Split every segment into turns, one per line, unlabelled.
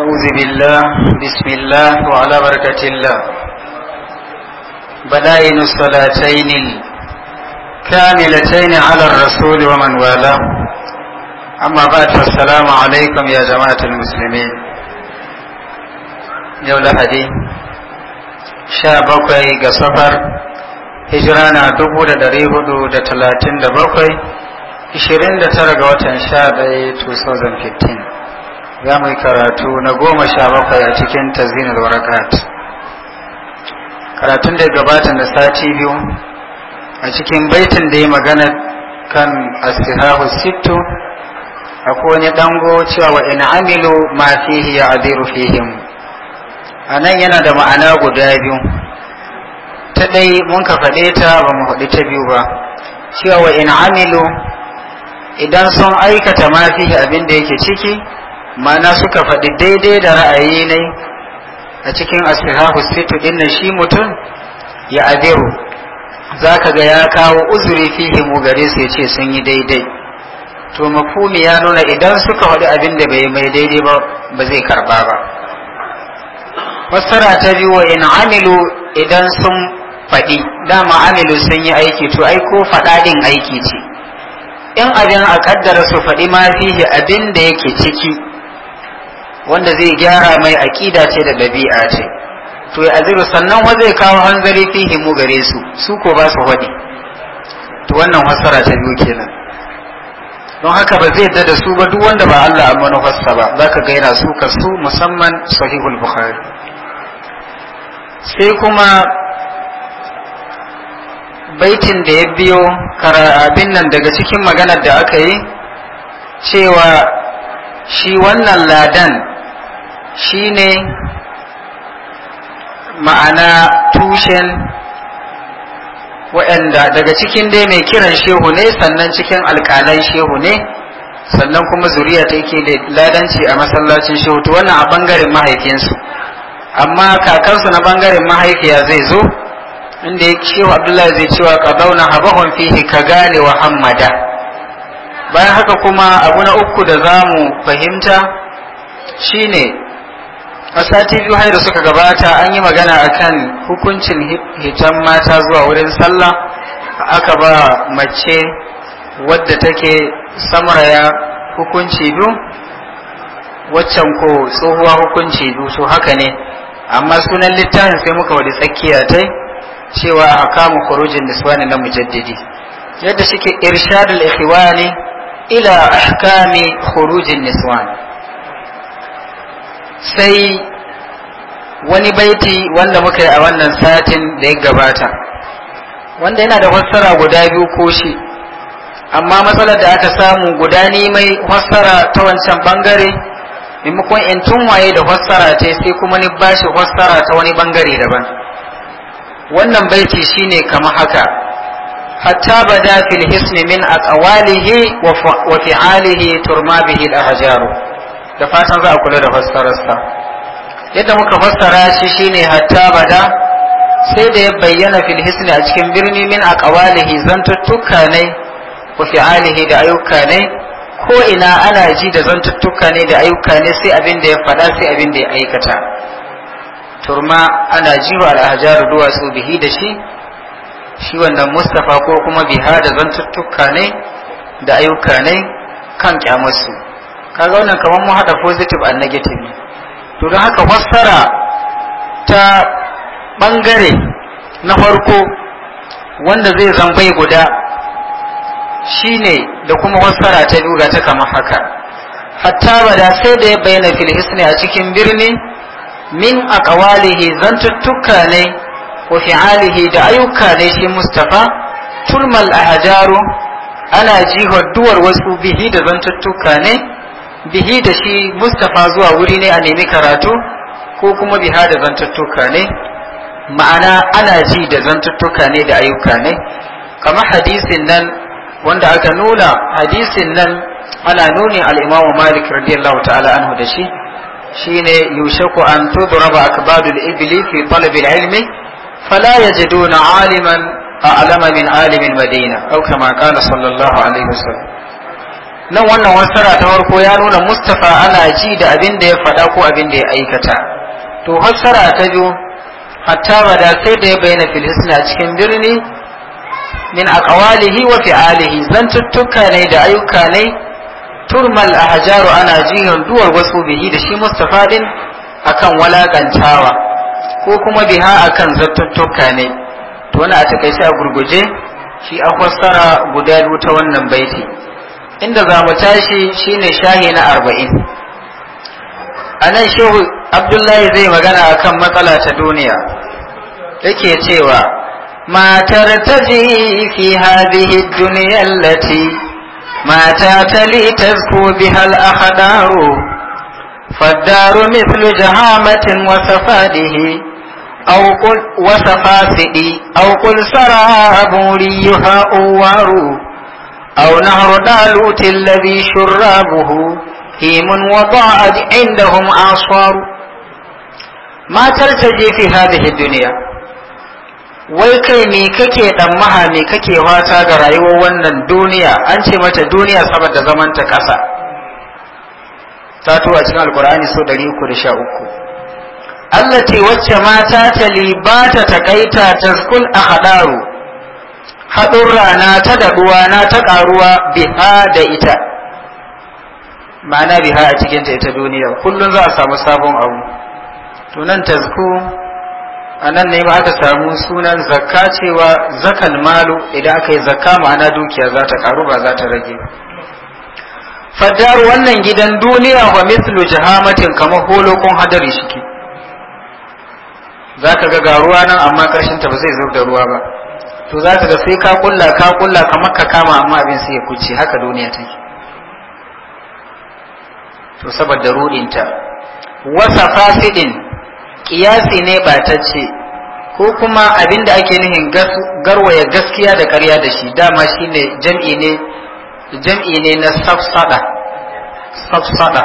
أعوذ بالله بسم الله وعلى بركة الله بدائن الصلاتين الكاملتين على الرسول ومن والاه أما بعد فالسلام عليكم يا جماعة المسلمين يولا هدي شابك سفر هجرانا دبو دريه دا تلاتين دا بقي 29 ga watan 11 2015 za mu karatu na goma sha bakwai a cikin tazinar warakat karatun da gabata na sati biyu a cikin baitin da ya magana kan asihahu sittu akwai wani dango cewa wa in amilu ma fihi ya adiru fihim a nan yana da ma'ana guda biyu ta ɗai mun ka faɗe ta ba mu faɗi ta biyu ba cewa wa in amilu idan sun aikata ma fihi abin da yake ciki mana suka faɗi daidai da ra'ayi ne a cikin asihahu situ din shi mutum ya adiru za ka ga ya kawo uzuri fihi mu gare su ya ce sun yi daidai to mafumi ya nuna idan suka faɗi abin da bai mai daidai ba ba zai karba ba fassara ta biyu wa in amilu idan sun faɗi dama amilu sun yi aiki to ai ko faɗaɗin aiki ce in abin a kaddara su faɗi ma fihi abin da yake ciki wanda zai gyara mai aƙida ce da ɗabi'a ce to ya sannan wa zai kawo hanzari fihi mu gare su su ko ba su haɗi to wannan fassara ta biyu kenan don haka ba zai da su ba duk wanda ba Allah a manufarsa ba za ka gaira su ka su musamman sahihul bukhari sai kuma baitin da ya biyo abin nan daga cikin maganar da aka yi cewa shi wannan ladan Shi ne ma'ana tushen wa'anda daga cikin dai mai kiran shehu ne sannan cikin alƙalan shehu ne sannan kuma zuriya ta yake ladanci a masallacin shehu to wannan a bangaren mahaifinsu amma kakansu na bangaren mahaifiya zai zo inda ya wa abdullahi zai cewa qadawna habahum fihi gane wa hammada bayan haka kuma abu na uku da za mu fahimta shine a sati biyu har da suka gabata an yi magana akan hukuncin hitan mata zuwa wurin sallah aka ba mace wadda take samuraya hukunci biyu waccan ko tsohuwa hukunci biyu su haka ne amma sunan littafin sai muka wadi tsakiya ta cewa a kama kurujin da suwani na mujaddidi yadda suke irshadul ikhwani ila ahkami khurujin niswan sai wani baiti wanda muka yi a wannan satin da ya gabata wanda yana da fassara guda biyu ko shi amma matsalar da aka samu guda ne mai fassara ta wancan bangare maimakon in tunwaye da fassara ta sai kuma ni bashi fassara ta wani bangare daban wannan baiti shine kamar haka حتى min a الحسن wa fialihi turma bihi به الأحجار da fatan za a kula da fassararsa yadda muka fassara shi shine hatta bada sai da ya bayyana fil hisni a cikin birni min aqwalihi zantuttuka ne wa fi'alihi da ayyuka ne ko ina ana ji da zantuttuka ne da ayyuka ne sai abin da ya faɗa sai abin da ya aikata turma ana ji wa alhajar duwatsu bihi da shi shi wannan mustafa ko kuma biha da zantuttuka ne da ayyuka ne kan kyamarsu kaga wannan kamar mu haɗa positive and negative to don haka fassara ta ɓangare na farko wanda zai zambai guda shine da kuma fassara ta biyu ga ta kamar haka hatta da sai da ya bayyana filhisne a cikin birni min a ƙawalihi zantuttuka ne wa fi'alihi da ayyuka ne shi mustafa tulmal a hajaru ana jihar duwar wasu bihi da zantuttuka ne bihi da shi Mustapha zuwa wuri ne a nemi karatu ko kuma biha da zantattuka ne ma'ana ana ji da zantuttuka ne da ayyuka ne kamar hadisin nan wanda aka nuna hadisin nan ana nuni al'imamu malik radiyallahu ta'ala anhu da shi shine yushaku an tudraba akbadul ibli fi talabil ilmi fala yajiduna aliman a'lama min alimin madina au kama kana sallallahu alaihi wasallam nan wannan wasara ta farko ya nuna mustafa ana ji da abin da ya faɗa ko abin da ya aikata to hassara ta biyu hatta bada sai da ya bayyana filistina cikin birni min aqwalihi wa fi'alihi zan tuttuka ne da ayyuka ne turmal ahjaru ana ji duwar wasu bihi da shi mustafa din akan walakantawa ko kuma biha akan zattuttuka ne to wani a takaice a gurguje shi a fassara guda ta wannan baiti inda za mu tashi shine shahi na arba'in a nan shehu abdullahi zai magana a kan matsala ta duniya yake cewa matar ta ji fi hadihi duniyar lati mata ta li hal biha al-ahdaru فالدار مثل جهامة wasa fadihi wasa fasidi. aukul sara abin riyu ha'uwaru. أو نهر دالوت الذي شرابه هيم وضاعت عندهم آصار ما ترتجي في هذه الدنيا wai kai ne kake ɗammaha me kake wata ga rayuwar wannan duniya an ce mata duniya saboda zaman ta ƙasa ta tuwa cikin alkur'ani so 313 allati wacce mata ta libata ta kaita ta a haɗaru. Haɗin rana ta daɗuwa na ta ƙaruwa biha da ita ma'ana biha a cikin ta ita duniya kullum za a samu sabon abu tunan tazku a nan ne ba aka samu sunan zakka cewa zakal malu idan aka yi zakka ma'ana dukiya za ta ƙaru ba za ta rage Fadar wannan gidan duniya wa mislu jahamatin kamar holokon hadari ke. za ka ga ruwa nan amma ƙarshen ta ba zai zo da ruwa ba to za ka ga sai ka kulla ka kulla kamar ka kama amma abin sai ya kuce haka duniya take to saboda ruɗinta wasa fasidin ƙiyasi ne ba ta ce ko kuma abin da ake nihin garwaya gaskiya da ƙarya da shi dama shi ne jam'i ne na safsada safsada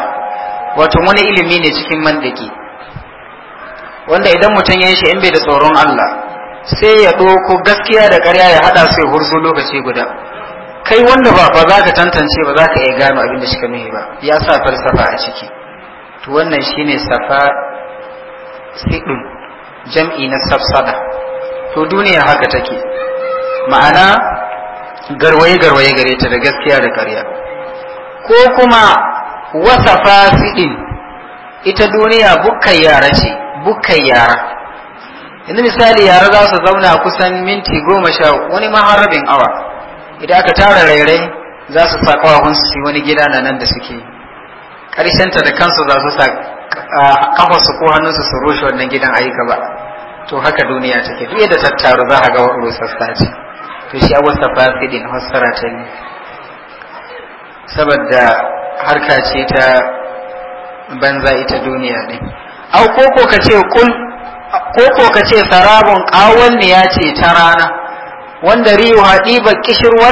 wato wani ilimi ne cikin mandaki wanda idan mutum ya yi shi in bai da tsoron Allah sai ya ɗauko gaskiya da ƙarya ya haɗa sai hurzo lokaci guda kai wanda ba ba za ka tantance ba za ka iya gano abin da shika nuhi ba ya sa falsafa a ciki to wannan shine safa siɗin jam'i na safsada to duniya haka take ma'ana garwaye garwaye gare ta da gaskiya da ƙarya ko kuma wasafa sidin ita duniya bukkan yara ce bukkan yara yanzu misali yara za su zauna kusan minti goma sha wani ma har rabin awa idan aka tara rairai za su sa kawawansu su yi wani gida na nan da suke ta da kansu za su sa kafansu ko hannunsu su rushe wannan gidan yi gaba to haka duniya take duk yadda taru za a ga rusassa ce to shi abu fasidin fassara ta ne saboda harka ce ta banza ita duniya ne au ko ko ka ce kul ko ko ka ce sarabun ya ce ta rana wanda riyu haɗiba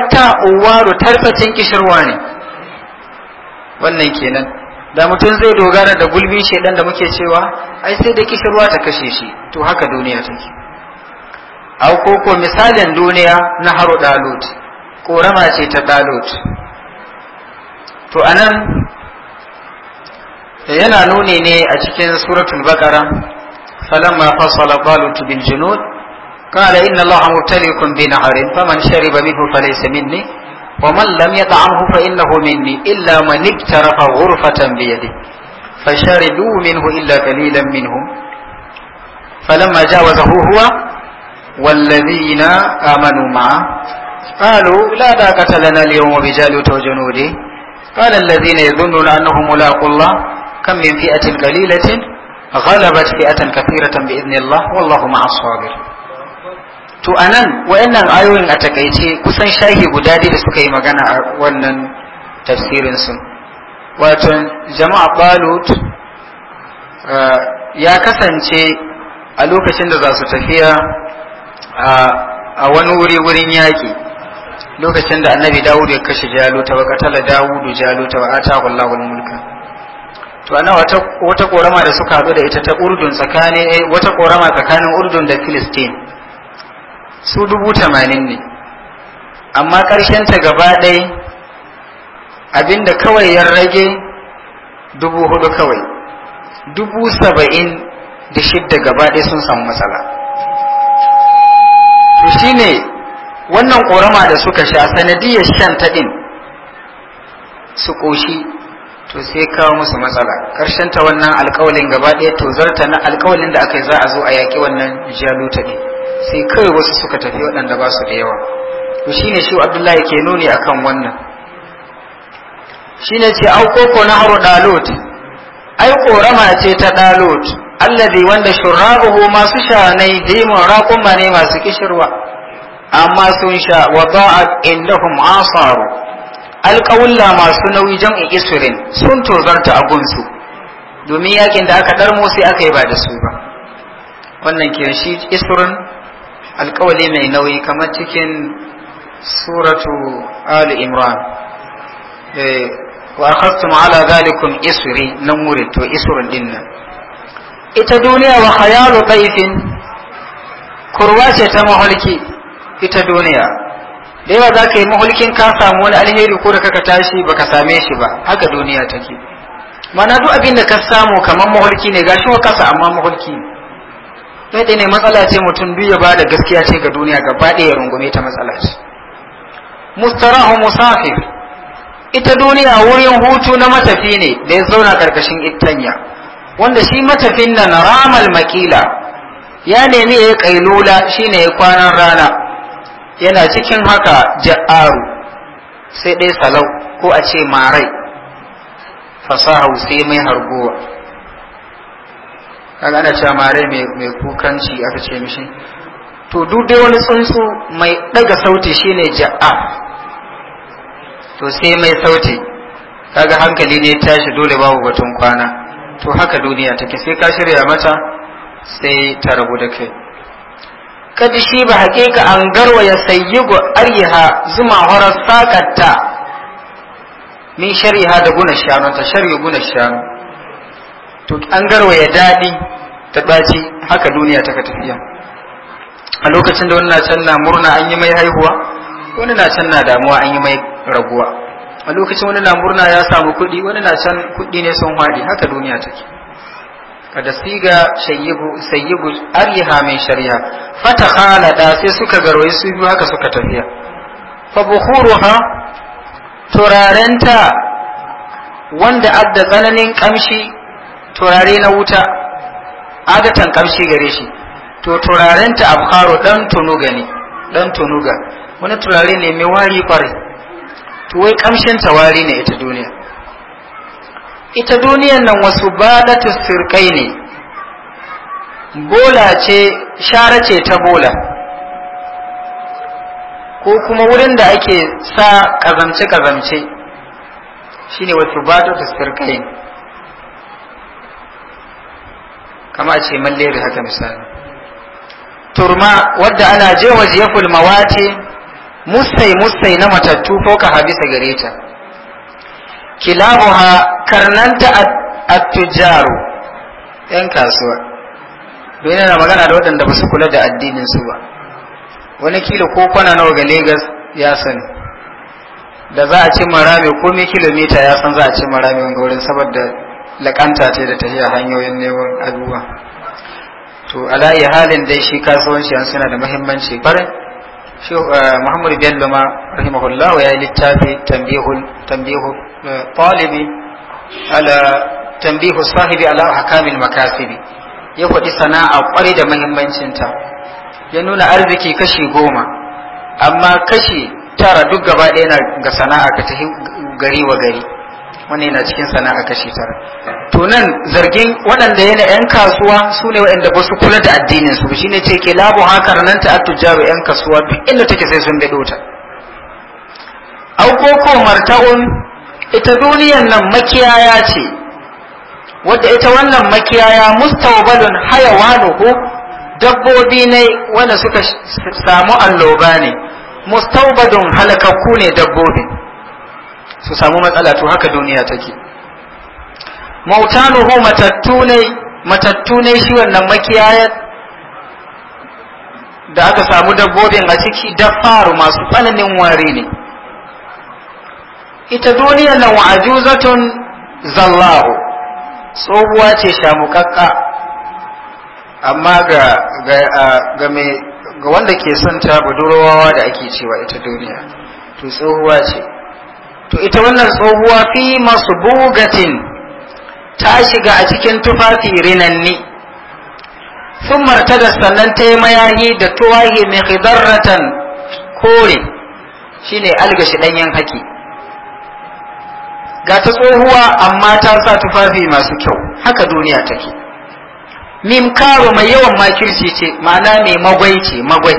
ta uwaru tarfacin kishirwa ne wannan kenan da mutum zai dogara da gulbi shedan da muke cewa ai sai da kishirwa ta kashe shi to haka duniya take au ko ko misalin duniya na haru dalut rama ce ta dalut to anan yana nuni ne a cikin suratul baqara فلما فصل طالوت بالجنود قال إن الله مبتليكم بنهر فمن شرب منه فليس مني ومن لم يطعمه فإنه مني إلا من اقترف غرفة بيده فشربوا منه إلا قليلا منهم فلما جاوزه هو والذين آمنوا معه قالوا لا ذاقة لنا اليوم بجالوت وجنوده قال الذين يظنون أنهم ملاقوا الله كم من فئة قليلة غلبت فئة كثيرة بإذن الله والله مع الصابر to anan wayannan ayoyin a takaice kusan shahi guda da suka yi magana a wannan tafsirin su wato jama'a balut ya kasance a lokacin da za su tafiya a wani wuri wurin yaƙi lokacin da annabi dawud ya kashe jaluta wa katala dawudu jaluta wa atahu allahul mulka to ana wata wata korama da suka haɗu da ita ta urdun tsakanin eh, wata korama tsakanin urdun da filistin su dubu tamanin ne amma ƙarshen ta gaba ɗai abinda kawai ya rage dubu hudu kawai dubu saba'in da shidda gaba ɗai sun samu matsala to shine wannan korama da suka sha sanadiyar shan taɗin su ƙoshi to sai kawo musu matsala karshen ta wannan alkawalin gaba ɗaya to zarta na alkawalin da aka yi za a zo a yaƙi wannan jaluta ne sai kawai wasu suka tafi waɗanda ba su da yawa to shine shi Abdullahi ke nuni akan wannan shine ce au koko na haru ai korama ce ta dalut allazi wanda shurrabuhu masu shanai dimun raƙuma ne masu kishirwa amma sun sha wa ba'a indahum asaru alƙawulla masu nauyi jam'in isirin sun tozarta a gunsu domin yakin da aka ɗarmo sai aka yi ba da su ba wannan ke shi isfirin alƙawali mai nauyi kamar cikin suratu ali imran eh, wa akhadtum ala zalikum isri nan wurin to isrin din nan ita duniya wa khayalu taifin kurwa ce ta mahalki ita duniya da yawa za ka yi mahulkin ka samu wani alheri ko da kaka tashi baka same shi ba haka duniya take mana duk abin da ka samu kamar mahulki ne gashi wa kasa amma mahulki ne dai ne matsala ce mutum duk ya bada gaskiya ce ga duniya gaba ɗaya ya rungume ta matsala ce mustarahu musafir ita duniya wurin hutu na matafi ne da ya zauna karkashin ittanya wanda shi matafin nan ramal makila ya nemi ya yi kailula shine ya kwanan rana yana cikin haka ja'aru sai dai salau ko a ce marai fasaha sai mai harguwa kaga ana cewa marai mai kukanci aka ce mishi to duk dai wani tsuntsu mai daga sauti shine ja'a to sai mai sauti kaga hankali ne tashi dole babu batun kwana to haka duniya take sai ka shirya mata sai ta rabu da kai kadi shi ba haƙiƙa an garwa ya sayi go ariha zuma horar sakatta min shari'a da guna shanu ta shari'a guna shanu to an garwa ya daɗi ta ɗaci haka duniya ta ka tafiya a lokacin da wani na can na murna an yi mai haihuwa wani na can na damuwa an yi mai raguwa a lokacin wani na murna ya samu kuɗi wani na can kuɗi ne sun haɗi haka duniya take da siga sayyibu ariha min shari'a fata khalada sai suka garwayi su biyu haka suka tafiya fa ha turarenta wanda adda tsananin kamshi turare na wuta adatan kamshi gare shi to turarenta abharu dan tunuga ne dan tunuga wani turare ne mai wari kwarai to wai kamshin ta wari ne ita duniya ita duniyan nan wasu da sirkai ne bola ce share ce ta bola ko kuma wurin da ake sa kazamce-kazamce shine wasu ba da ne kama a ce mallebe haka misali turma wadda ana je waje ya fulmawati musai musai na matattu ko ka habisa gare ta kilabuha karnanta at-tujaru yan kasuwa don yana magana da waɗanda ba su kula da addinin su ba wani kilo ko kwana nawa ga Legas ya sani da za a ci marami ko me kilomita ya san za a ci marami wanga wurin saboda lakanta ce da tafiya hanyoyin neman abubuwa to ala halin dai shi kasuwanci an suna da muhimmanci shi eh, Muhammadu Bello ma rahimahullahu ya yi littafi tambihu talibi ala tambihu sahibi ala ahkamil makasibi ya faɗi sana'a kwarai da mahimmancinta ya nuna arziki kashi goma amma kashi tara duk gaba ɗaya na ga sana'a ka tafi gari wa gari wannan yana cikin sana'a kashi tara to nan zargin waɗanda yana yan kasuwa su ne waɗanda ba su kula da addinin su shine ce ke labu hakar nan ta attujaru yan kasuwa duk inda take sai sun biɗo ta au ko marta'un ita duniyan nan makiyaya ce wadda ita wannan makiyaya mustawbalun hayawanuhu dabbobi ne wanda suka samu alloba ne mustawbadun halakakku ne dabbobi su samu matsala to haka duniya take mautanuhu matattu ne matattu ne shi wannan makiyayar da aka samu dabbobin a ciki dafaru masu tsananin wari ne ita duniya nan ajuzatun zallahu tsohuwa ce shamukakka amma ga ga wanda ke son ta budurwawa da ake cewa ita duniya to tsohuwa ce to ita wannan tsohuwa fi masu bugatin ta shiga a cikin tufafi rinanni sun marta da sannan ta yi mayahi da tuwahi mai hidarratan kore shi ne algashi ɗanyen haki ga ta tsohuwa amma ta sa tufafi masu kyau haka duniya take mim karo mai yawan makirci ce ma'ana mai magwai ce magwai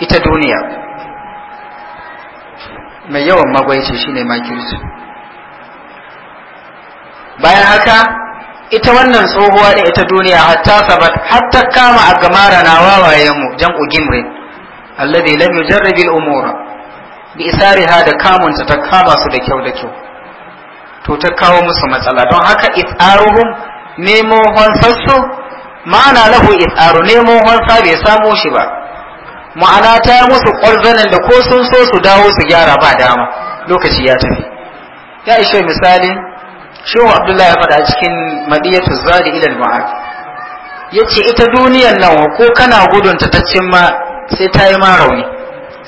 ita duniya mai yawan magwai ce shine makirci bayan haka ita wannan tsohuwa da ita duniya hatta sabat hatta kama a gamara na mu jan ugimrin alladhi lam yujarrib al-umura bi isariha da kamunta ta kama su da kyau da kyau to ta kawo musu matsala don haka itsaruhum nemo hansarsu ma'ana lahu itsaru nemo hansa bai samo shi ba ma'ana ta yi musu ƙwarzanin da ko sun so su dawo su gyara ba dama lokaci ya tafi ya ishe misali shehu abdullahi ya faɗa cikin madiyatu zari ilal ma'ad ya ce ita duniyar nan ko kana gudun ta cimma sai ta yi ma rauni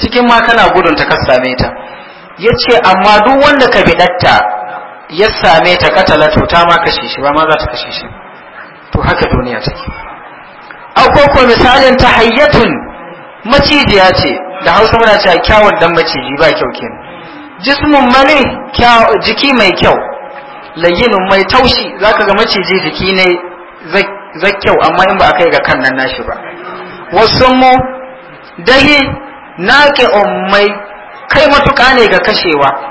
cikin ma kana gudun ta ka same ta ya ce amma duk wanda ka bi biɗatta ya same ta katala to ta ma kashe shi ba ma za ta kashe shi to haka duniya take ko ko misalin ta hayyatun macijiya ce da hausa muna cewa kyawun dan maciji ba kyau kenan jismun mani jiki mai kyau layin mai taushi zaka ga maciji jiki ne zakkyau amma in ba a kai ga kan nan nashi ba wasu mu dahi naƙi'un mai kai matuƙa ne ga kashewa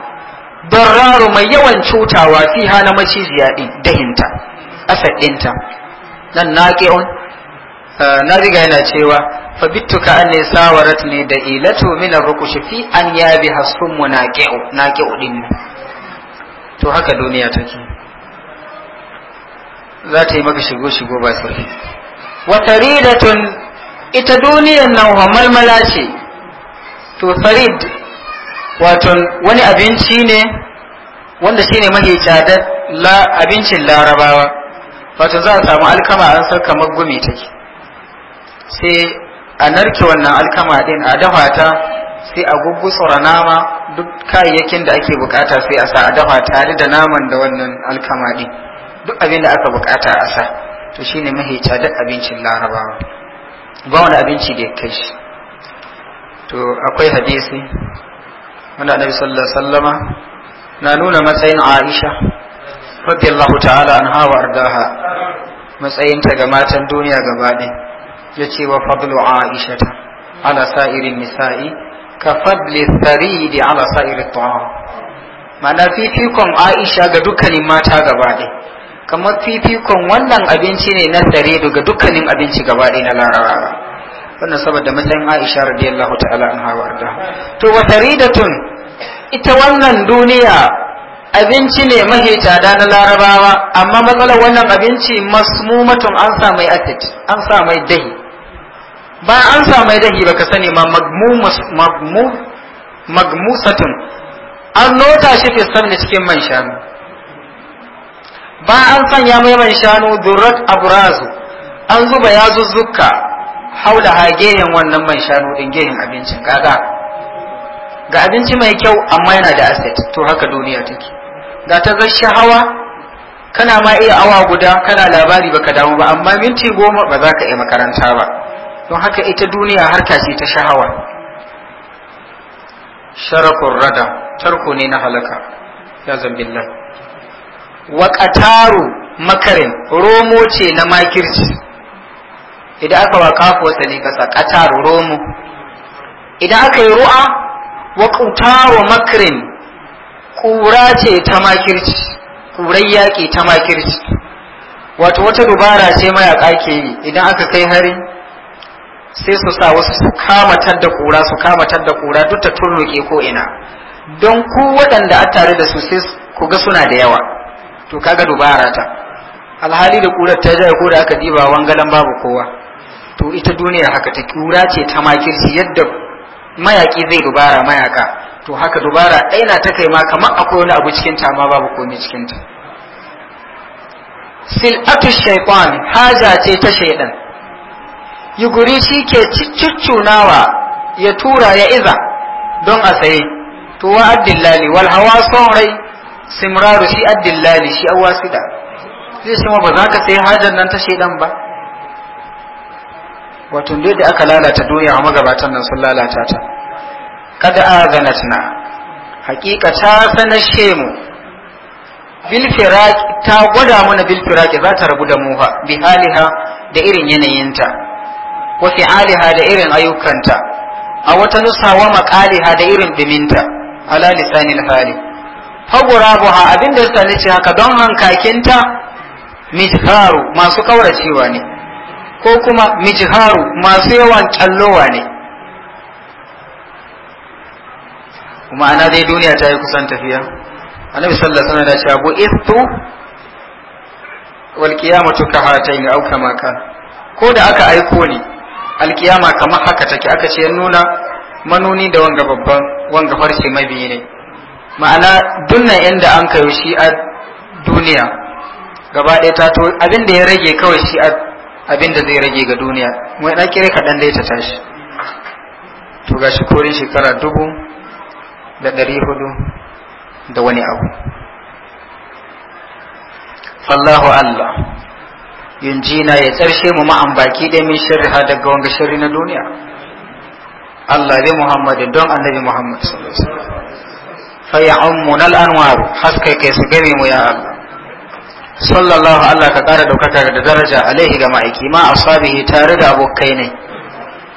darraru mai yawan cutawa fiha na maciziya dahinta asad ɗinta nan on eh, na riga yana cewa fa bittuka an ne sawarat ne da ilatu min rukushi fi an yabi hasum munaqi'u naqi'u din to haka duniya take za ta yi maka shigo shigo ba sai wa taridatun ita duniyan nan malmala ce to farid waton wani abinci ne wanda shine mafi tsadar la abincin larabawa wato za a samu alkama an san kamar gumi take sai a narke wannan alkama din a dafa ta sai a gugusura nama duk kayayyakin da ake bukata sai a sa a dafa tare da naman da wannan alkama din duk abin da aka bukata a sa to shine mafi tsadar abincin larabawa ba wani abinci da ya kai shi to akwai hadisi wanda annabi sallallahu alaihi wasallam na nuna matsayin Aisha radiyallahu ta'ala anha wa ardaha ta ga matan duniya gaba ɗaya yace wa fadlu Aisha ta ala sa'irin nisa'i ka fadli tsari ala sa'irin ta'am ma'ana fifikon Aisha ga dukkanin mata gaba ɗaya kamar fifikon wannan abinci ne na tsari ga dukkanin abinci gaba ɗaya na larabawa wannan saboda matsayin Aisha radiyallahu ta'ala anha wa arda to wa taridatun ita wannan duniya abinci ne mahi tada na larabawa amma matsalar wannan abinci masmumatun an sa mai acid an sa mai dahi ba an sa mai dahi baka sani ma magmu magmusatun an nota shi fi sabni cikin man shanu ba an sanya mai man shanu durrat abrazu an zuba yazuzzuka haula ha wannan man shanu din gehen abincin kaga ga abinci mai kyau amma yana da asset to haka duniya take ga ta zai shahawa kana ma iya awa guda kana labari baka damu ba amma minti goma ba za ka iya makaranta ba don haka ita duniya harka ce ta shahawa sharakun rada tarko ne na halaka ya zambillah wa makarin romo ce na makirci idan aka wa kafo ne ka sakata romu idan aka yi ru'a wa wa makrin kura ce ta makirci kurai yaƙi ta makirci wato wata dubara ce mayaƙa ke yi idan aka kai hari sai su sa wasu su kamatar da kura su kamatar da kura duk ta turnuke ko ina don ku waɗanda a tare da su sai ku ga suna da yawa to kaga dubara ta alhali da kurar ta jaya ko da aka diba wangalan babu kowa to ita duniya haka ta kura ce ta makirci yadda mayaki zai dubara mayaka to haka dubara ɗaya na ta kai ma kamar akwai wani abu cikinta amma babu komai cikinta sil'atu shaitan haja ce ta shaidan yuguri shi ke ciccunawa ya tura ya iza don a saye to wa addillali wal son rai simraru shi addillali shi awasida zai shi ma ba za ka sayi hajar nan ta shaidan ba wato dai da aka lalata doya a magabatan nan sun lalata ta kada azanat na hakika ta sanashe mu bil ta gwada mana bil firaq za ta rabu da mu bi haliha da irin yanayinta wa fi aliha da irin ayyukanta a wata nusa wa maqaliha da irin biminta ala lisanil hali fagurabuha abinda ta ce haka don hankakinta mizharu masu kauracewa ne ko kuma mijharu masu yawan kyallowa ne kuma ana dai duniya ta yi kusan tafiya annabi sallallahu alaihi wasallam da ce bu istu wal qiyamatu ka hatayn au kama kan ko da aka aiko ni qiyama kama haka take aka ce nuna manoni da wanga babban wanga farce mabi ne ma'ana dunna inda an kai shi a duniya gaba ɗaya ta to abin da ya rage kawai shi a abin da zai rage ga duniya mai ɗan kire kaɗan dai ta tashi to ga shi korin shekara dubu da ɗari hudu da wani abu fallahu Allah yunjina ya tsarshe mu ma'an baki ɗaya min shirri ha daga wanga shirri na duniya Allah bi Muhammad don annabi Muhammad sallallahu alaihi wasallam fa ya'ummu nal anwar haskai kai su gare mu ya Allah sallallahu Allah ka kara ɗaukaka da daraja alaihi ga ma'aiki ma ashabihi tare da abokai ne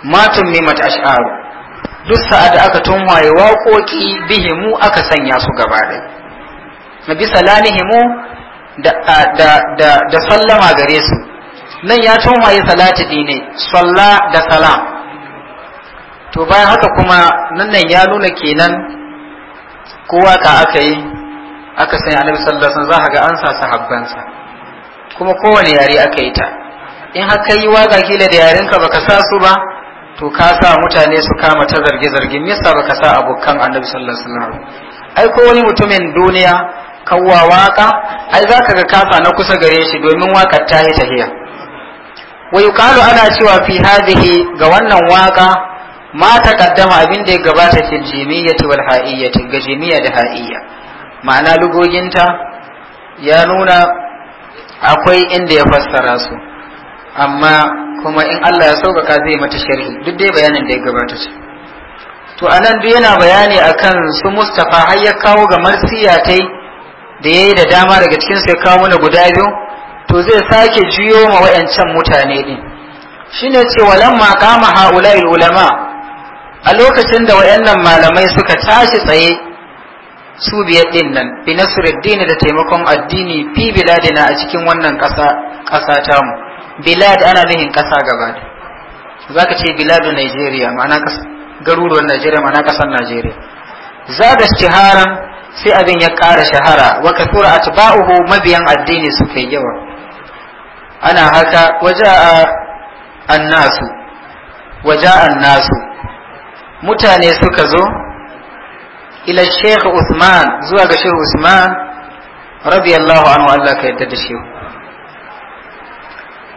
matun mimat ash'aru duk sa'ad aka tunwaye waƙoƙi bihimu aka sanya su gaba ɗaya na bisa lanihimu da da da sallama gare su nan ya tunwaye salati dine salla da salam to bayan haka kuma nan nan ya nuna kenan kowa ka aka yi aka sanya annabi sallallahu alaihi wasallam za ga ansa sahabbansa kuma kowane yare aka yi ta in haka yi waka kila da yarenka baka sa su ba to ka sa mutane su kama ta zarge zarge me yasa baka sa abokan annabi sallallahu alaihi wasallam ai ko wani mutumin duniya kawwa waka ai zaka ga kafa na kusa gare shi domin wakar ta yi tahiya wa yuqalu ana cewa fi hadhihi ga wannan waka ma taqaddama abin da ya gabata fil jimiyyati wal ha'iyyati ga jimiyya da ha'iyya ma'ana lugoginta ya nuna akwai inda ya fassara su amma kuma in Allah ya sauƙaƙa zai mata sharhi duk dai bayanin da ya gabata ce to anan duk yana bayani akan su Mustafa har ya kawo ga marsiya yi da yi da dama daga cikin sai kawo mana guda biyu to zai sake juyo ma wayancan mutane din shine ce walamma kama haula'il ulama a lokacin da wayannan malamai suka tashi tsaye su biyar din nan bi nasruddin da taimakon addini fi biladina a cikin wannan ƙasa ƙasa ta mu bilad ana nihin ƙasa gaba da zaka ce biladu Najeriya ma'ana garuruwan Najeriya ma'ana ƙasar Najeriya da shaharan sai abin ya ƙara shahara wa kathura atba'uhu mabiyan addini su kai yawa ana haka waja'a annasu waja'a annasu mutane suka zo ila Sheikh Usman zuwa ga Sheikh usman radiyallahu anhu Allah ka yadda da shi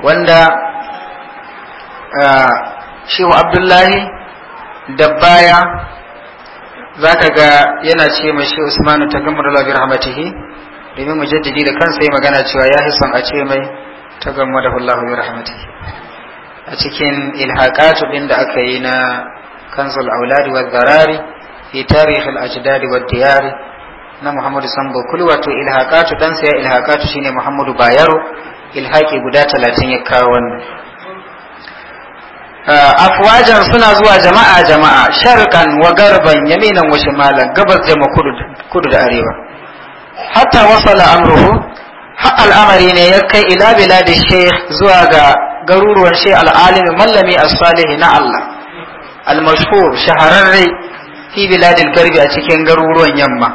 wanda Shehu Abdullahi da baya za ka ga yana ce mai Shehu Usman ta gamar Allah rahmatihi domin jaddadi da kansa yi magana cewa ya son a ce mai ta gamar da Allah rahmatihi a cikin ilhaƙatu ɗin da aka yi na kansul auladi wa zarari E tarihi al-ajdad na Muhammadu Sambo kulu wato ilhaqatu dan sai ilhaqatu shine Muhammadu Bayero ilhaki guda talatin ya kawo wannan afwajan suna zuwa jama'a jama'a sharqan wa garban yaminan wa shimalan gabas da kudu kudu da arewa hatta wasala amruhu har al'amari ne ya kai ila biladi sheikh zuwa ga garuruwan shi al'alimi mallami as-salih na Allah al-mashhur shahararre fi biladil garbi a cikin garuruwan yamma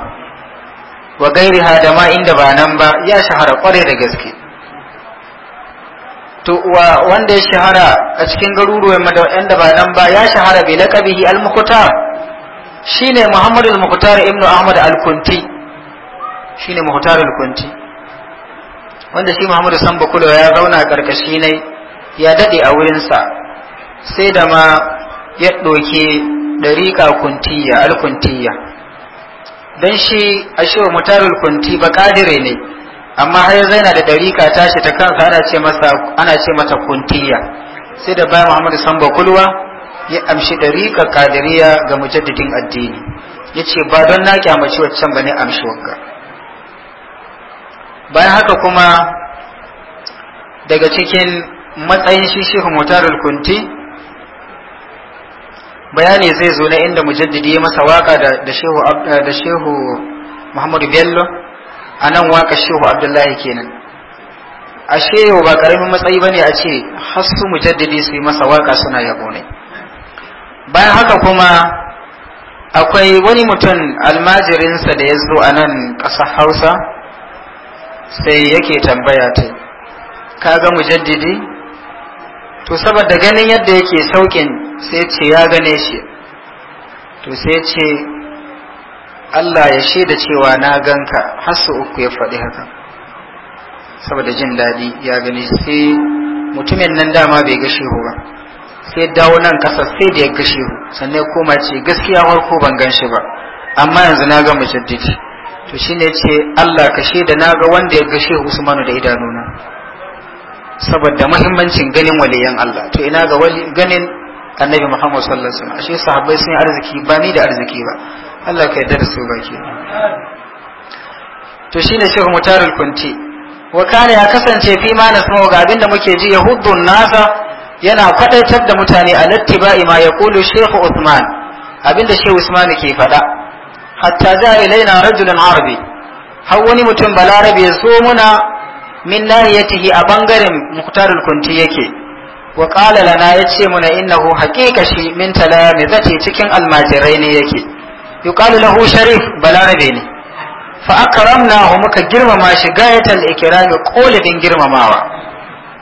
wa gairi hadama inda ba nan ba ya shahara kwarai da gaske to wa wanda ya shahara a cikin garuruwan inda ba nan ba ya shahara bi laqabihi al-mukhtar shine Muhammad al-Mukhtar ibnu Ahmad al-Kunti shine Mukhtar al-Kunti wanda shi Muhammadu Sambo bakulo ya zauna karkashi ne ya dade a wurinsa sai da ma ya ɗauke ɗariƙa kuntiya alkuntiya don shi a shi mutarul kunti ba ƙadire ne amma har yanzu yana da ɗariƙa tashi ta kansa ana ce masa ana ce mata kuntiya sai da baya muhammadu sambo kulwa ya amshi ɗariƙa ƙadiriya ga mujaddidin addini ya ce ba don na kyamaci waccan ba ne amshi wanka bayan haka kuma daga cikin matsayin shi shehu mutarul kunti bayani zai zo na inda mujaddidi ya masa waka da shehu eh, da shehu Muhammadu Bello a nan waka shehu Abdullahi kenan a shehu ba karamin matsayi bane a ce hasu mujaddidi su yi masa waka suna yabo ne bayan haka kuma akwai wani mutum almajirinsa da ya zo a nan ƙasar Hausa sai yake tambaya ta kaga mujaddidi to saboda ganin yadda yake saukin sai ce ya gane shi to sai ce Allah ya shaida cewa na ganka har su uku ya faɗi haka saboda jin daɗi ya gani sai mutumin nan dama bai ga shehu ba sai dawo nan kasa sai da ya ga shehu sannan koma ce gaskiya farko ban gan shi ba amma yanzu na ga mujaddidi to shine ce Allah ka shaida na ga wanda ya ga shehu manu da idanuna saboda muhimmancin ganin waliyan Allah to ina ga ganin annabi Muhammad sallallahu alaihi wasallam ashe sahabbai sun arziki ba ni da arziki ba Allah ka yarda da su baki to shine shehu mutarul kunti wa kana ya kasance fi ma nasmu ga abinda muke ji yahuddu nasa yana kwadaitar da mutane a lattiba'i ma yaqulu shehu Usman abinda shehu Usman ke faɗa hatta za ilaina rajulun arabi har wani mutum balarabe ya zo muna min nahiyatihi a bangaren muhtarul kunti yake wa qala lana yace muna innahu haqiqa shi min talami zati cikin almajirai ne yake yuqalu lahu sharif balarabe ne fa akramnahu muka girmama shi gayatal ikrami din girmamawa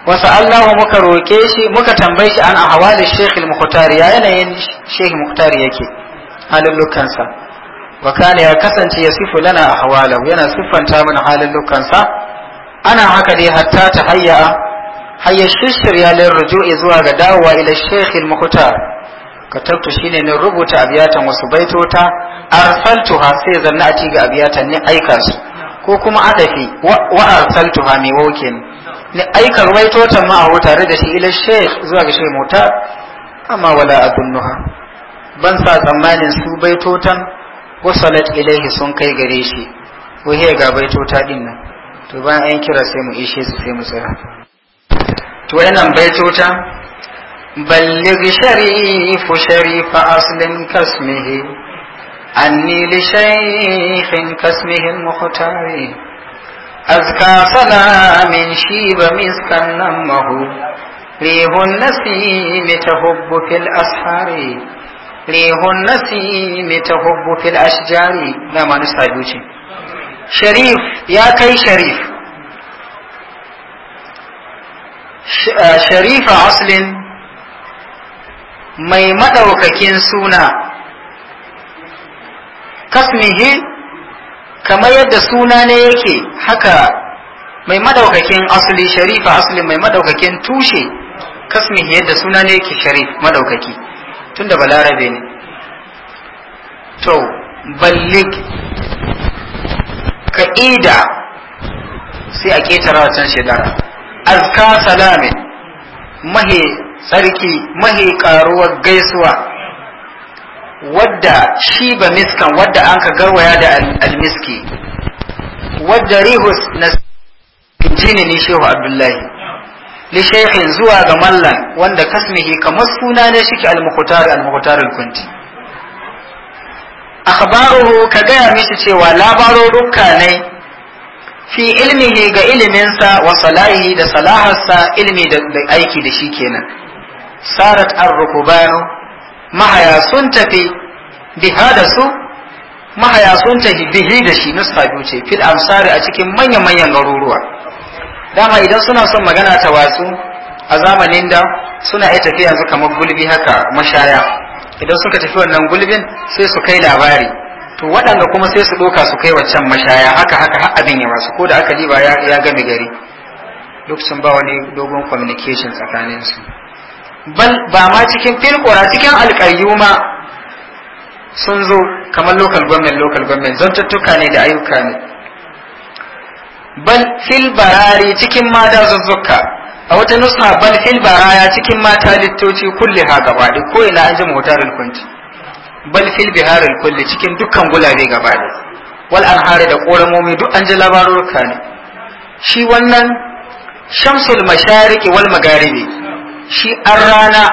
wasu Allahu muka roke shi muka tambaye shi an ahwali Sheikh al-Mukhtar ya yanayin Sheikh Mukhtar yake halullukansa wa kana ya kasance ya sifu lana ahwalahu yana siffanta mana halullukansa ana haka dai hatta ta hayya hayya shishirya lin ruju'i zuwa ga dawowa ila shekhil ka katabtu shine ne rubuta abiyatan wasu baitota arsaltuha sai zanna a ga abiyatan ni aikan su ko kuma adafi wa arsaltuha mai wokin ni aika ruwaitotan ma a tare da shi ila shekh zuwa ga shekh mota amma wala adunnuha ban sa tsammanin su baitotan wasalat ilaihi sun kai gare shi wahiyar ga baitota din nan to bayan an kira sai mu ishe su sai mu tsira to wayannan baitota balligh sharifu sharifa aslin kasmihi anni li shaykhin kasmihi al-mukhtari أزكى سلام شيب مسكا نمه ريح النسيم تهب في الأسحار ريح النسيم تهب في الأشجار لا ما نسعى sharif ya kai sharif uh, sharifa aslin mai maɗaukakin suna kasmihi kamar yadda suna ne yake haka mai maɗaukakin asli sharifa aslin mai maɗaukakin tushe kasmihi yadda suna ne yake sharif maɗaukaki tun da balarabe ne to ballik ka'ida sai a ƙetare wancan shekara azka salamin mahe tsarki mahe karuwar gaisuwa wadda shi ba miskan wadda an ka garwaya da almiski wadda rihus na jini ne shehu abdullahi li zuwa ga mallan wanda kasmihi kamar suna ne shi al-mukhtar al kunti akhbaruhu ka gaya mishi cewa labarurruka ne fi ilmihi ga iliminsa wa salahihi da salaharsa ilmi da aiki da shi kenan sarat ar-rukubanu mahaya sun tafi biha da su mahaya sun tafi bihi da shi nuska ce fil amsari a cikin manyan manyan garuruwa dama idan suna son magana ta wasu a zamanin da suna iya tafiya su kamar gulbi haka mashaya idan suka tafi wannan gulbin sai su kai labari to waɗanda kuma sai su ɗoka su kai wancan mashaya haka haka har abin ya masu ko da aka ba ya gami gari Duk sun ba wani dogon communication tsakanin su bal ba ma cikin filkora cikin alƙayyu sun zo kamar local government local government zantattuka ne da ayyuka ne bal fil barari cikin ma a wata nusa bal fil baraya cikin mata littoci kulli ha gaba da ko ina an jima hutar alkunti bal fil bihar kulle cikin dukkan gulabe gaba da wal anhari da koramomi duk an ji labaruruka ne shi wannan shamsul mashariki wal magaribi shi an rana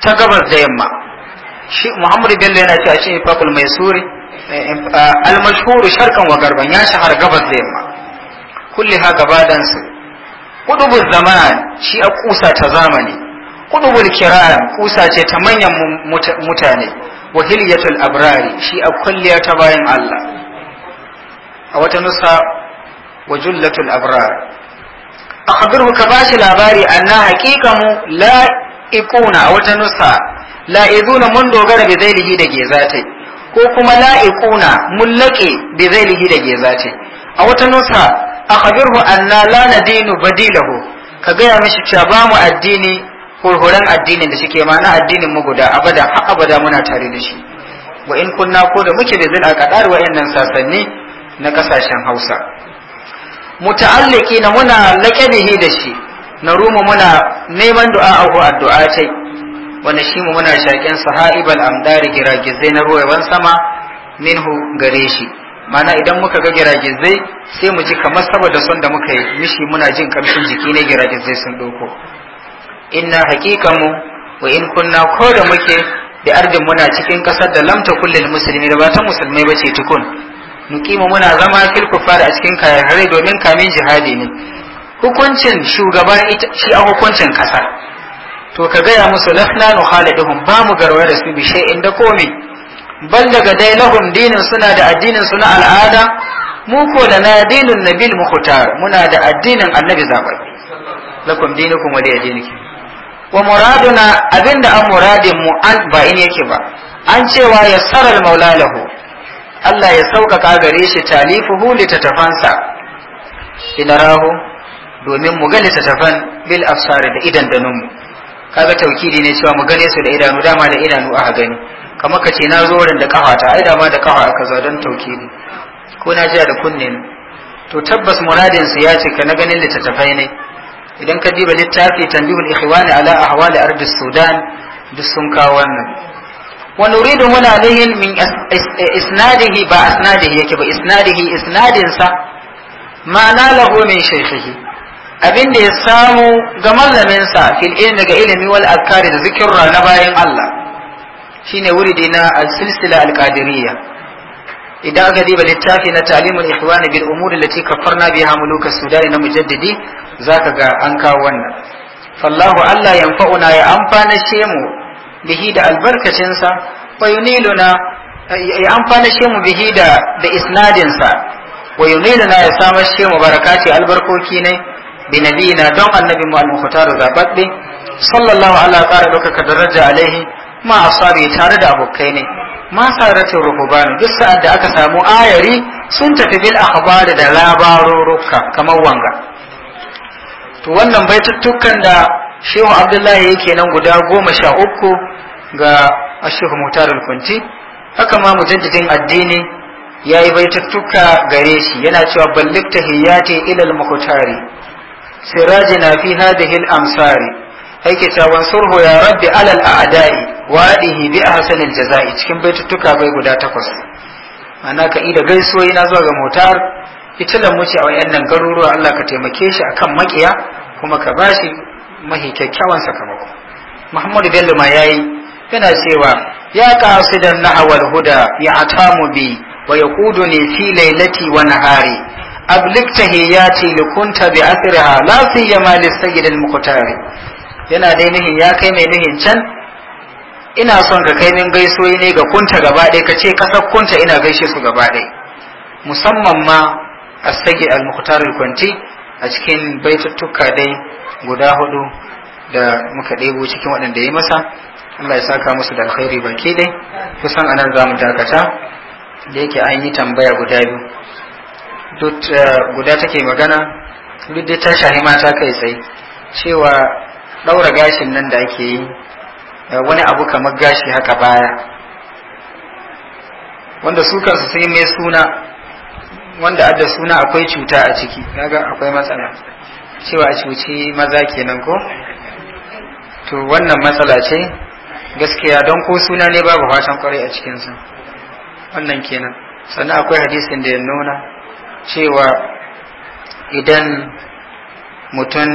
ta gabas da yamma shi muhammad bello yana cewa shi fakul mai suri eh, eh, al mashhuru sharqan wa garban ya shahar gabas da yamma kulli ha gabadansu kudubu zaman shi a kusa ta zamani kudubu kiran kusa ce ta manyan mutane wa hilyatul abrari shi a kulliya ta bayan Allah a wata nusa wa jullatul abrar akhbirhu ka bashi labari anna mu la ikuna a wata nusa la izuna mun dogara bi zailihi da zate ko kuma la ikuna mun laƙe bi zailihi da zate a wata nusa akhbirhu anna la nadinu badilahu ka gaya mishi cewa ba mu addini hurhuran addinin da suke na addinin mu guda abada har abada muna tare da shi wa in kunna ko da muke da zil wa wa'annan sasanni na kasashen Hausa muta'alliki na muna laƙabihi da shi na ruma muna neman du'a ko addu'a ce wanda shi mu muna shaƙen sahaibal amdari giragizai na ruwan sama minhu gare shi mana idan muka ga giragizai sai mu ji kamar saboda son da muka yi mishi muna jin kamshin jiki ne giragizai sun doko inna mu, wa in kunna ko da muke da ardin muna cikin kasar da lamta kullil musulmi da ba ta musulmai bace tukun mukima muna zama fil kufar a cikin kare domin kamin jihadi ne hukuncin shugaba shi a hukuncin kasa to ka gaya musu lafna khaliduhum ba mu garwaya da su bi shay'in da komai bal daga dai lahum dinin suna da addinin su na al'ada mu ko da na dinin nabil mukhtar muna da addinin annabi zabai lakum dinukum wa liya dinukum wa muraduna abinda an muradin mu an ba in yake ba an cewa ya saral maula Allah ya sauƙaƙa gare shi talifuhu littattafansa inarahu domin mu ga littattafan bil afsari da idan danunmu kaga taukidi ne cewa mu gane su da idanu dama da idanu a gani kamar ka ce na zo wurin da kafa ta ai da ma da kafa aka zo don tauke ne ko na jiya da kunne ne to tabbas muradin su ya ce ka na ganin littattafai ne idan ka diba littafi tanbihul ikhwani ala ahwali ardi sudan duk sun kawo wannan wa nuridu muna lihin min isnadihi ba isnadihi yake ba isnadihi isnadin sa ma'ana lahu min shaykhihi abin da ya samu ga mallaminsa fil ilmi ga ilimi wal azkari da zikirra na bayan Allah shine wuridi na al-silsila al-qadiriyya idan aka diba littafi na talimul ikhwani bil umuri allati kaffarna biha muluka sudani na mujaddidi zaka ga an kawo wannan fallahu allah yanfa'una ya amfana mu bihi da albarkacin sa wa yuniluna ya amfana mu bihi da da isnadin sa wa yuniluna ya samar shemu barakati albarkoki ne bi nabiyina don annabi mu al-mukhtar zababbe sallallahu ala qara ka daraja alaihi ma asabi tare da abokai ne ma saratin ruhuban duk sa'ad da aka samu ayari sun tafi bil akhbar da labarurruka kamar wanga to wannan baituttukan da shehu abdullahi yake nan guda goma sha uku ga ashehu mutar kunti haka ma mujaddidin addini ya yi baitattuka gare shi yana cewa ballik tahiyyati ilal muhtari sirajina fi hadhihi al amsari yake cewa wansurhu ya rabbi alal a'da'i waɗihi bi ahsanil jaza'i cikin baituttuka bai guda takwas ana ka ida gaisoyi na zuwa ga motar ita muci a wayannan garuruwa Allah ka taimake shi akan makiya kuma ka bashi mahi kyakkyawan sakamako Muhammadu Bello ma yayi yana cewa ya qasidan nahwal huda ya atamu bi wa ne fi laylati wa nahari ablik tahiyati likunta bi asriha la siyama lis sayyid muqtari yana dai nihin ya kai mai nihin can ina son ka kai min gaisoyi ne ga kunta gaba ɗaya ka ce kasar kunta ina gaishe su gaba ɗaya musamman ma a sage al kwanti a cikin baituttuka dai guda hudu da muka ɗebo cikin waɗanda ya masa Allah ya saka musu da alkhairi baki dai kusan anan za mu dakata da yake an yi tambaya guda biyu duk eh, guda take magana duk dai ta shahi mata kai tsaye cewa ɗaura gashin nan da ake yi Eh, wani abu kamar gashi haka baya wanda su kansu sun yi mai suna wanda adda suna akwai cuta a ciki kaga akwai matsala cewa a cuci maza kenan ko to wannan matsala ce gaskiya don ko suna ne babu fashin kwarai a cikinsa wannan kenan sannan akwai hadisin da ya nuna cewa idan mutum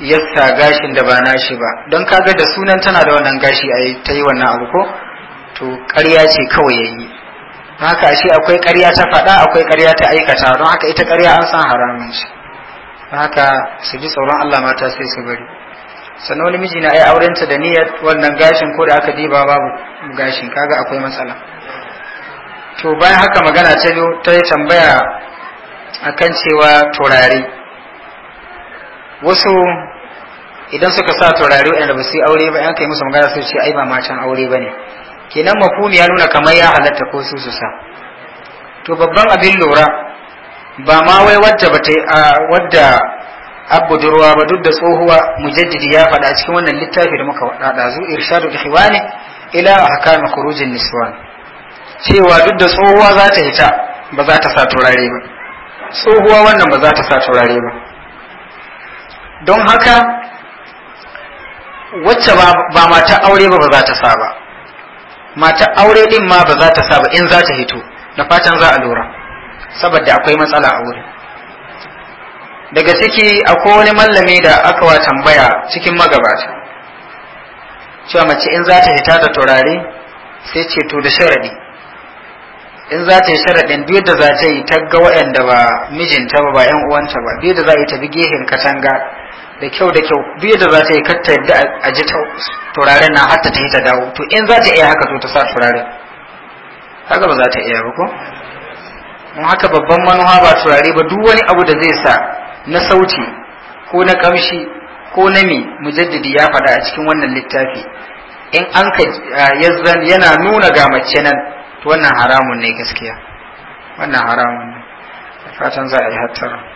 yasta gashin da ba nashi ba don kaga da sunan tana da wannan gashi a ta yi wannan abu ko to ƙarya ce kawai yayi haka shi akwai ƙarya ta faɗa akwai ƙarya ta aikata don haka ita ƙarya an san haramun shi haka su ji tsoron Allah mata sai su bari sannan wani miji na ai aurenta da niyyar wannan gashin ko da aka diba babu gashin kaga akwai matsala to bayan haka magana ta ta yi tambaya akan cewa turare wasu idan suka sa turare waɗanda ba su yi aure ba yan kai musu magana su ce ai ba can aure ba ne kenan makumi ya nuna kamar ya halatta ko su su sa to babban abin lura ba ma wai wadda ba wadda abudurwa ba duk da tsohuwa mujaddidi ya faɗa cikin wannan littafi da muka faɗa zu irshadu ikhwani ila ahkam khurujin niswan cewa duk da tsohuwa za ta hita ba za ta sa turare ba tsohuwa wannan ba za ta sa turare ba don haka wacce ba mata aure ba ba za ta sa ba mata aure din ma ba za ta sa ba in za ta hito da fatan za a lura saboda akwai matsala a wurin daga ciki akwai wani mallami da aka wa tambaya cikin magabata cewa mace in za ta hita da turare sai ce to da sharadi in za ta yi sharaɗin duk da za ta yi ta ga waɗanda ba mijinta ba ba ‘yan uwanta ba duk da za yi ta bi gehen katanga da kyau da kyau biyu da za ta yi katta yadda a ji turaren na hatta ta yi ta dawo to in za ta iya haka to ta sa turaren haka ba za ta iya ba ko haka babban manuwa ba turare ba duk wani abu da zai sa na sauti ko na kamshi ko na mi mujaddidi ya faɗa a cikin wannan littafi in an ka yazzan yana nuna ga mace nan to wannan haramun ne gaskiya wannan haramun ne fatan za a yi hattara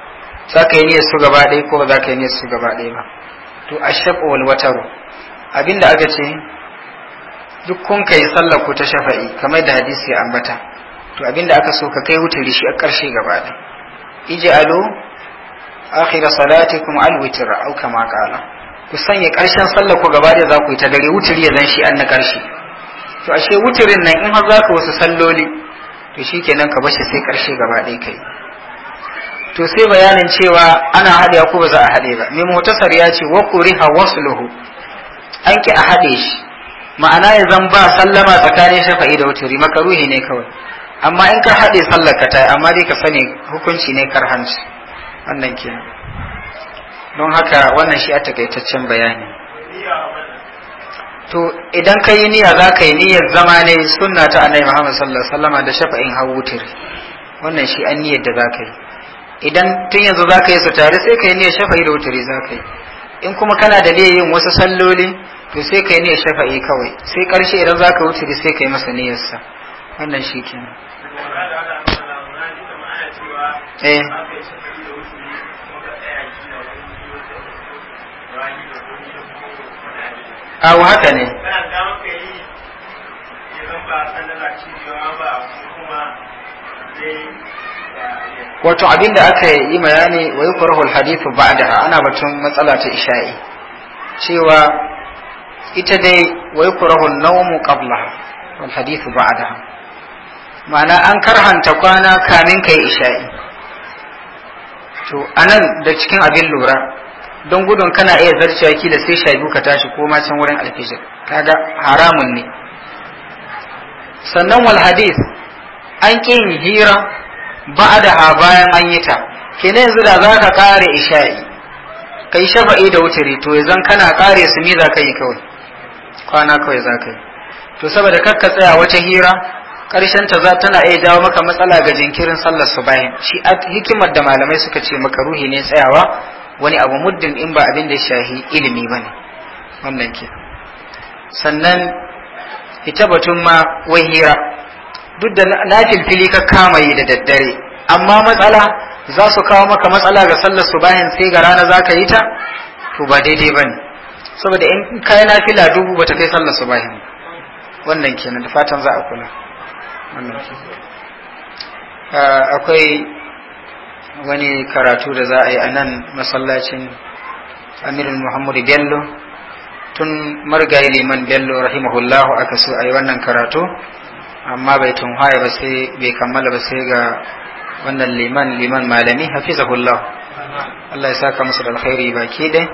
za ka yi niyyar su gaba ɗaya ko ba za ka yi niyyar su gaba ɗaya ba to a shaƙo wata ru abinda aka ce duk kun kai sallah ko ta shafa'i kamar da hadisi ya ambata to abinda aka so ka kai wuturi shi a ƙarshe gaba ɗaya alo akhira salati al witra au kama qala ku sanya ƙarshen sallah ko gaba ɗaya za ku yi ta gare wutari ya zan shi an na ƙarshe to ashe wutarin nan in har za ka wasu salloli to shikenan ka bashi sai ƙarshe gaba ɗaya kai to sai bayanin cewa ana haɗe ko ba za a haɗe ba mai mutasar ya ce wa kuriha wasluhu an ki a haɗe shi ma'ana ya zan ba sallama tsakanin shafa'i da wuturi makaruhi ne kawai amma in ka haɗe sallar ka tayi amma dai ka sani hukunci ne karhanci wannan kenan don haka wannan shi a takaitaccen bayani to idan ka yi niyya za ka yi niyyar zama ne sunna ta annabi Muhammad sallallahu alaihi wasallam da shafa'in hawutir wannan shi an niyyar da za ka yi idan tun yanzu za ka yi su tare sai ka yi niyyar shafa'i da wuturi za ka yi in kuma kana da niyyar yin wasu salloli to sai ka yi niyyar shafa'i kawai sai karshe idan za ka wuturi sai ka yi masa niyyarsa wannan shi kenan eh. awo haka ne ba wato abin da aka yi bayani wa yukrahu alhadithu ba'daha ana batun matsala ta isha'i cewa ita dai wa yukrahu an-nawmu qablaha wal ba'daha ma'ana an karhanta kwana kamin kai isha'i to anan da cikin abin lura don gudun kana iya zarcewa da sai sha biyu ka tashi ko ma can wurin alfijir kaga haramun ne sannan wal hadith an ƙi yin hira ba da bayan an yi ta kenan yanzu da za ka ƙare isha'i ka yi shafa'i da wuturi to yanzu kana kare su mi za ka yi kawai kwana kawai za ka yi to saboda kakka tsaya wata hira ƙarshen ta za tana iya dawo maka matsala ga jinkirin sallar su bayan shi hikimar da malamai suka ce maka ruhi ne tsayawa wani abu muddin in ba abin da shahi ilimi ba ne wannan ke sannan ita batun ma wai hira duk da na fili ka kama yi da daddare amma matsala za su kawo maka matsala ga sallar su bayan sai ga rana za ka yi ta to ba daidai ba ne saboda in kayan fila dubu ba ta kai sallar su bayan wannan kenan da fatan za a kula ah, akwai wani karatu da za a yi a nan masallacin amirin muhammadu bello tun marigayi liman bello rahimahullahu aka so a yi wannan karatu amma bai tunhaya ba sai bai kammala ba sai ga wannan liman liman malami hafizahullah Allah ya saka masa da alkhairi baki dai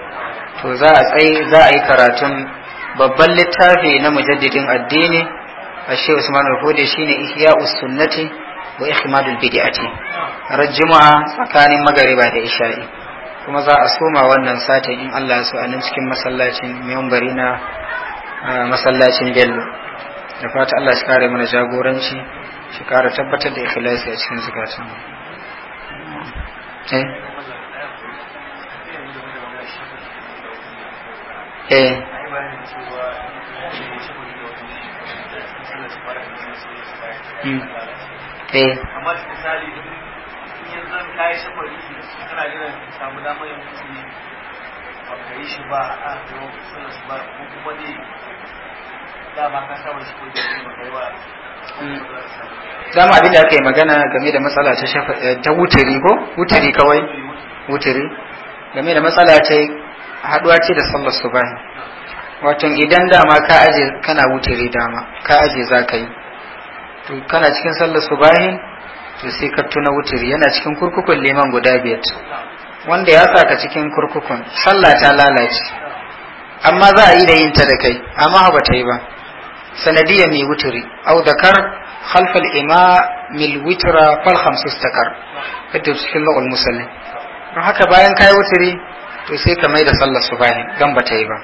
to za a tsaye za a yi karatun babban littafi na mujaddidin addini a shehu usman al-hudi shine ihya sunnati wa ihmadul bid'ati ran juma'a tsakanin magariba da isha'i kuma za a soma wannan satin in Allah ya so a nan cikin masallacin membari na ah, masallacin bello da fata Allah shi kare mana jagoranci shi kare tabbatar da ikhlasi a cikin zukatan eh eh hmm. eh amma misali Mm. dama abin da aka yi magana game da matsala ta eh, ta wutari ko wutari kawai wutari game da matsala ta haduwa ce da sallar subahi wato idan dama ka aje kana wutari dama ka aje za ka yi to kana cikin sallar subahi to sai ka tuna wutari yana cikin kurkukun liman guda biyar wanda ya saka cikin kurkukun sallah ta lalace amma za a yi da yin ta da kai amma ba ta yi ba sanadiyya mai wuturi audakar zakar khalfal ima mil witra fal khamsu stakar kada cikin lawal musallin don haka bayan kai wuturi to sai ka mai da sallar subahi dan bata yi ba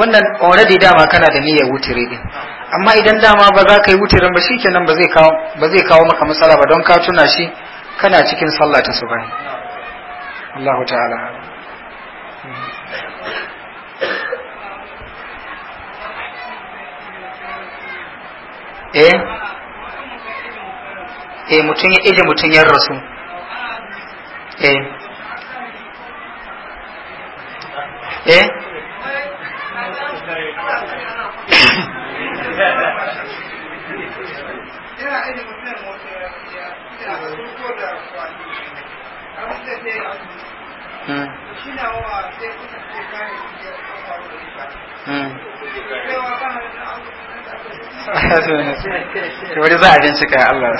wannan already dama kana da niyyar wuturi din amma idan dama ba za ka yi wuturin ba shikenan ba zai kawo ba zai kawo maka matsala ba don ka tuna shi kana cikin sallah ta subahi Allahu ta'ala eh eh mutum ya ije mutum ya rasu eh eh Hmm. Hmm. wani za a bincika Allah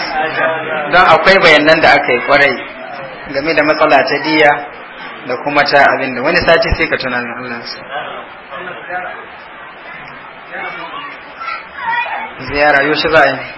don akwai bayanan da aka yi kwarai game da matsala ta diya da kuma ta abin da wani sati sai ka tunanin Allah ziyara yau shi za a yi